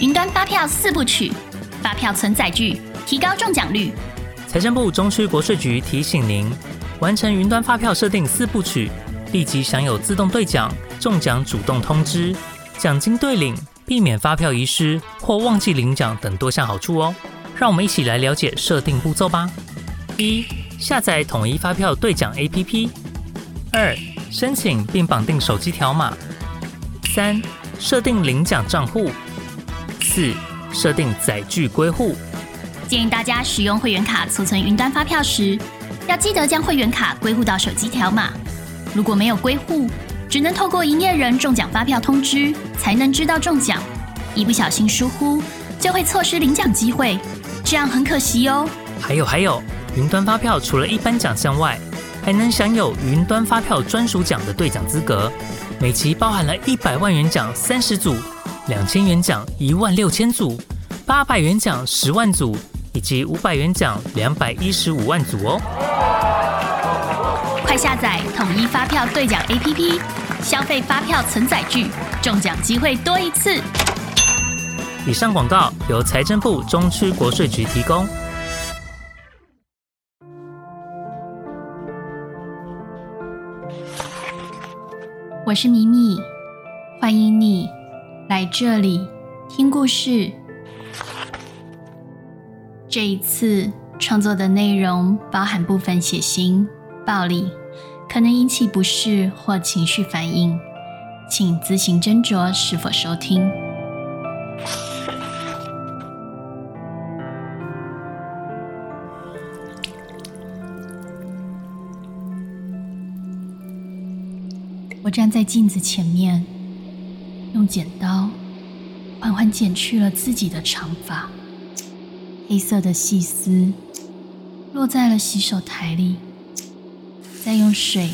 雲端發票四部曲，發票存載具，提高中獎率。財政部中區國稅局提醒您，完成雲端發票設定四部曲，立即享有自動兌獎、中獎主動通知、獎金兌領、避免發票遺失或忘記領獎等多項好處哦。讓我們一起來了解設定步驟吧：一、下載統一發票兌獎 APP；二、申請並綁定手機條碼；三、設定領獎賬戶。四、設定載具歸戶。建議大家使用會員卡儲存雲端發票時，要記得將會員卡歸戶到手機條碼。如果沒有歸戶，只能透過營業人中獎發票通知才能知道中獎。一不小心疏忽，就會錯失領獎機會，這樣很可惜哦。還有還有，雲端發票除了一般獎項外，還能享有雲端發票專屬獎的兌獎資格。每期包含了一百萬元獎三十組。兩千元獎一萬六千組，八百元獎十萬組，以及五百元獎兩百一十五萬組哦！快下載統一發票兌獎 APP，消費發票存載具，中獎機會多一次。以上廣告由財政部中區國稅局提供。我是米米，歡迎你。來這裡聽故事。這一次創作的內容包含部分血腥、暴力，可能引起不適或情緒反應，請自行斟酌是否收聽。我站在鏡子前面，剪刀緩緩剪去了自己的長髮，黑色的細絲落在了洗手台裡，再用水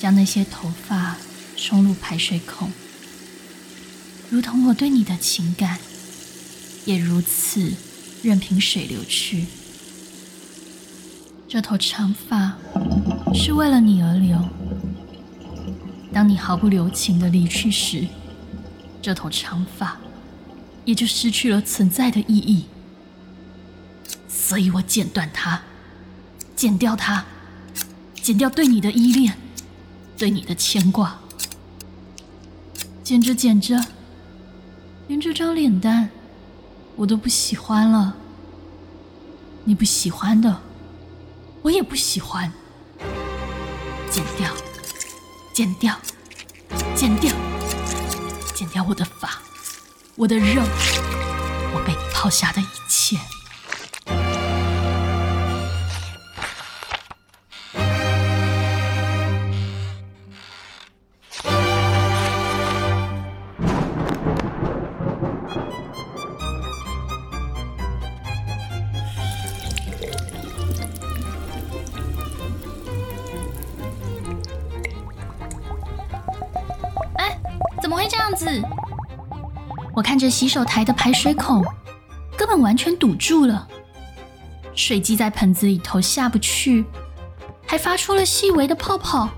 將那些頭髮沖入排水孔，如同我對你的情感也如此，任憑水流去。這頭長髮是為了你而留，當你毫不留情地離去時。這頭長髮，也就失去了存在的意義。所以我剪斷它，剪掉它，剪掉對你的依戀，對你的牽掛。剪着剪着，連這張臉蛋，我都不喜歡了。你不喜歡的，我也不喜歡。剪掉，剪掉，剪掉。剪掉我的髮，我的肉，我被你拋下的一切。子，我看着洗手台的排水孔，根本完全堵住了，水積在盆子裡頭下不去，還發出了細微的泡泡。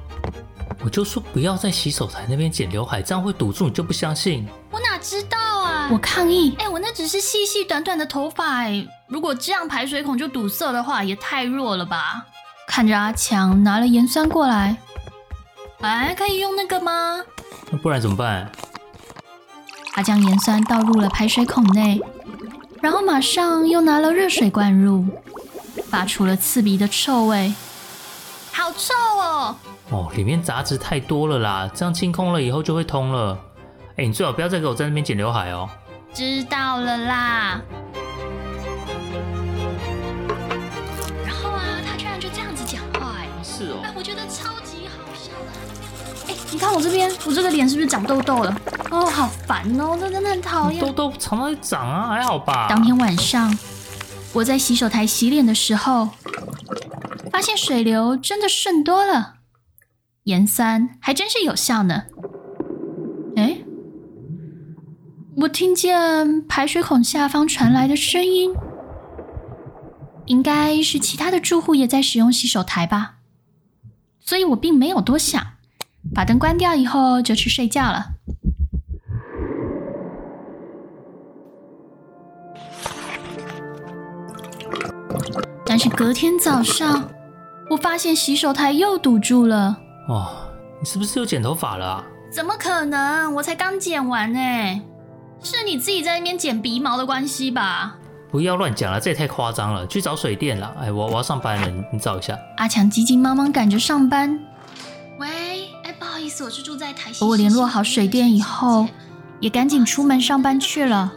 我就說不要在洗手台那邊剪劉海，這樣會堵住，你就不相信？我哪知道啊！我抗議！哎、欸，我那只是細細短短的頭髮，哎，如果這樣排水孔就堵塞的話，也太弱了吧？看着阿強拿了鹽酸過來，哎、欸，可以用那個嗎？那不然怎麼辦？他將鹽酸倒入了排水孔內，然後馬上又拿了熱水灌入，發出了刺鼻的臭味。好臭哦！哦，裡面雜質太多了啦，這樣清空了以後就會通了。哎，你最好不要再給我在那邊剪劉海哦。知道了啦。你看我這邊，我這個臉是不是長痘痘了？哦，好煩哦，這真的很討厭。痘痘從來裡長啊？還好吧。當天晚上，我在洗手台洗臉的時候，發現水流真的順多了，鹽酸還真是有效呢。哎，我聽見排水孔下方傳來的聲音，應該是其他的住戶也在使用洗手台吧，所以我並沒有多想。把燈關掉以後，就去睡覺了。但是隔天早上，我發現洗手台又堵住了。哦，你是不是又剪頭髮了啊？怎麼可能？我才剛剪完呢，欸。是你自己在那邊剪鼻毛的關係吧？不要亂講了，這也太誇張了，去找水電了。哎，我我要上班了，你找一下。阿強急急忙忙趕着上班。和我聯絡好水電以後，也趕緊出門上班去了。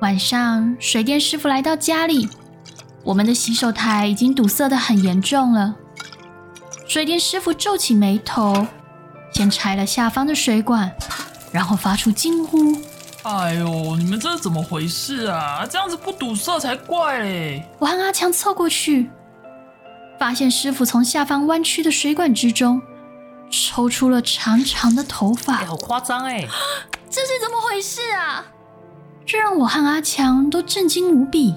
晚上，水電師傅來到家裡，我們的洗手台已經堵塞的很嚴重了。水電師傅皺起眉頭，先拆了下方的水管，然後發出驚呼。哎呦，你們這是怎麼回事啊？這樣子不堵塞才怪、欸、我和阿強湊過去，發現師傅從下方彎曲的水管之中抽出了長長的頭髮、欸，好誇張哎！這是怎麼回事啊？這讓我和阿強都震驚無比。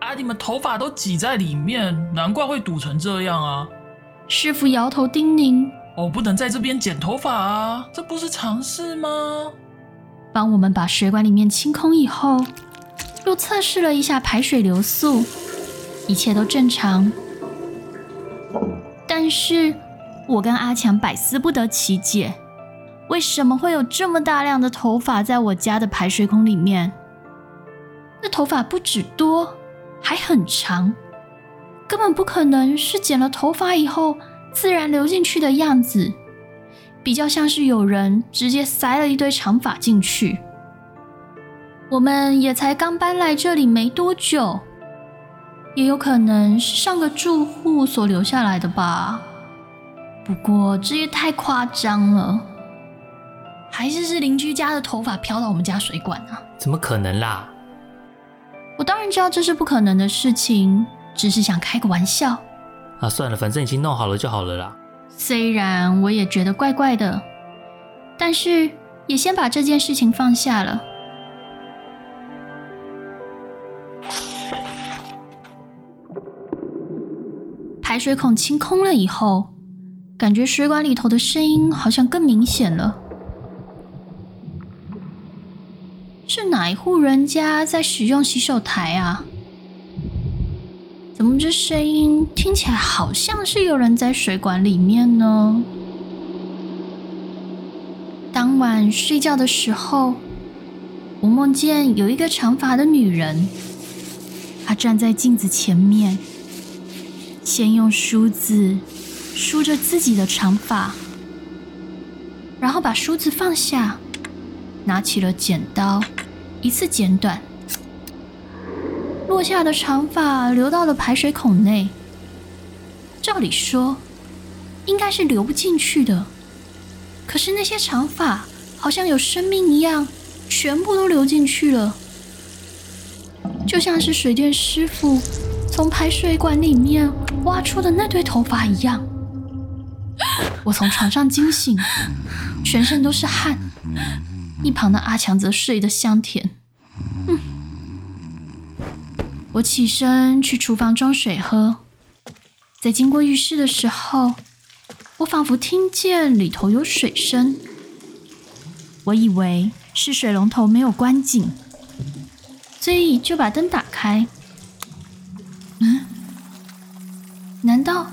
啊，你們頭髮都擠在裡面，難怪會堵成這樣啊！師傅搖頭叮嚀：“我、哦、不能在這邊剪頭髮啊，這不是常識嗎？”幫我們把水管裡面清空以後，又測試了一下排水流速，一切都正常。但是，我跟阿強百思不得其解，為什麼會有這麼大量的頭髮在我家的排水孔裡面？那頭髮不止多，還很長，根本不可能是剪了頭髮以後自然流進去的樣子。比較像是有人直接塞了一堆長髮進去。我們也才剛搬來這裡沒多久，也有可能是上個住戶所留下來的吧。不過這也太誇張了，還是是鄰居家的頭髮飄到我們家水管啊？怎麼可能啦！我當然知道這是不可能的事情，只是想開個玩笑。啊，算了，反正已經弄好了就好了啦。雖然我也覺得怪怪的，但是也先把這件事情放下了。排水孔清空了以後，感覺水管裡頭的聲音好像更明顯了。是哪一戶人家在使用洗手台啊？怎麼，這聲音聽起來好像是有人在水管裡面呢？當晚睡覺的時候，我夢見有一個長髮的女人，她站在鏡子前面，先用梳子梳着自己的長髮，然後把梳子放下，拿起了剪刀，一次剪斷。落下的長髮流到了排水孔內。照理說，應該是流不進去的。可是那些長髮好像有生命一樣，全部都流進去了，就像是水電師傅從排水管裡面挖出的那堆頭髮一樣。我從床上驚醒，全身都是汗，一旁的阿強則睡得香甜。我起身去廚房裝水喝，在經過浴室的時候，我仿佛聽見裡頭有水聲。我以為是水龍頭沒有關緊，所以就把燈打開。嗯？難道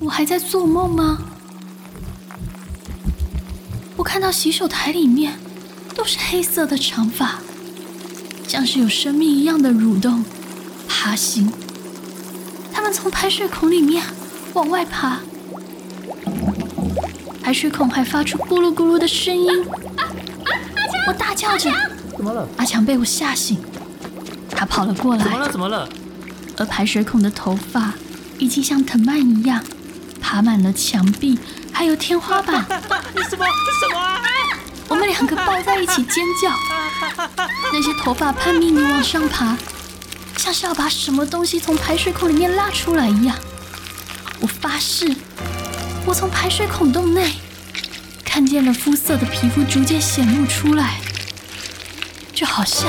我還在做夢嗎？我看到洗手台裡面都是黑色的長髮。像是有生命一樣的蠕動、爬行，他們從排水孔裡面往外爬，排水孔還發出咕嚕咕嚕的聲音。啊啊啊、我大叫着：“啊啊、阿強！”怎麼了？阿強被我嚇醒，他跑了過來。怎麼了？怎麼了？而排水孔的頭髮已經像藤蔓一樣爬滿了牆壁，還有天花板。啊啊啊、你什麼？這是什麼、啊？我們兩個抱在一起尖叫，那些頭髮拼命地往上爬，像是要把什麼東西從排水孔裡面拉出來一樣。我發誓，我從排水孔洞內看見了膚色的皮膚逐漸顯露出來，就好像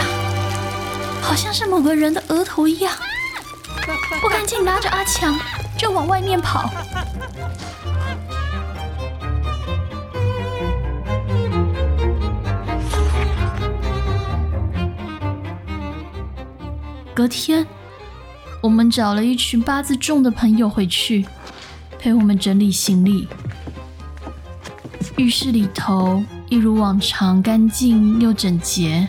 好像是某個人的額頭一樣。我趕緊拉着阿強就往外面跑。隔天，我們找了一群八字重的朋友回去，陪我們整理行李。浴室裡頭一如往常，乾淨又整潔，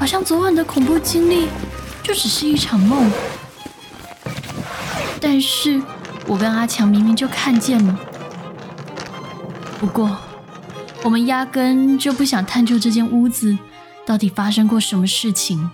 好像昨晚的恐怖經歷就只是一場夢。但是我跟阿強明明就看見了，不過我們壓根就不想探究這間屋子。到底發生過什麼事情？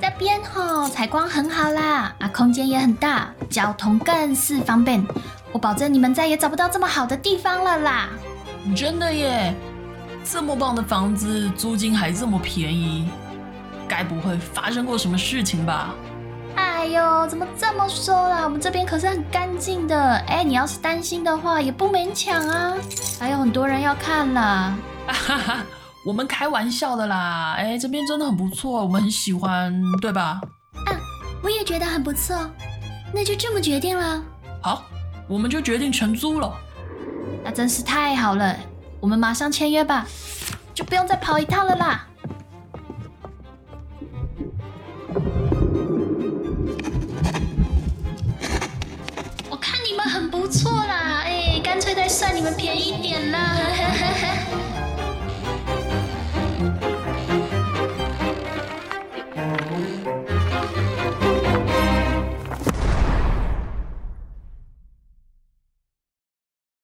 這邊哈、哦，採光很好啦，啊，空間也很大，交通更是方便。我保證你們再也找不到這麼好的地方了啦！真的耶，這麼棒的房子，租金還這麼便宜，該不會發生過什麼事情吧？喲、哎，怎麼這麼說啦？我們這邊可是很乾淨的。哎，你要是擔心的話，也不勉強啊。還有很多人要看啦。啊、哈哈，我們開玩笑的啦。哎，這邊真的很不錯，我們很喜歡，對吧？嗯、啊，我也覺得很不錯。那就這麼決定了。好，我們就決定全租了。那真是太好了，我們馬上簽約吧，就不用再跑一趟了啦。算你們便宜點啦。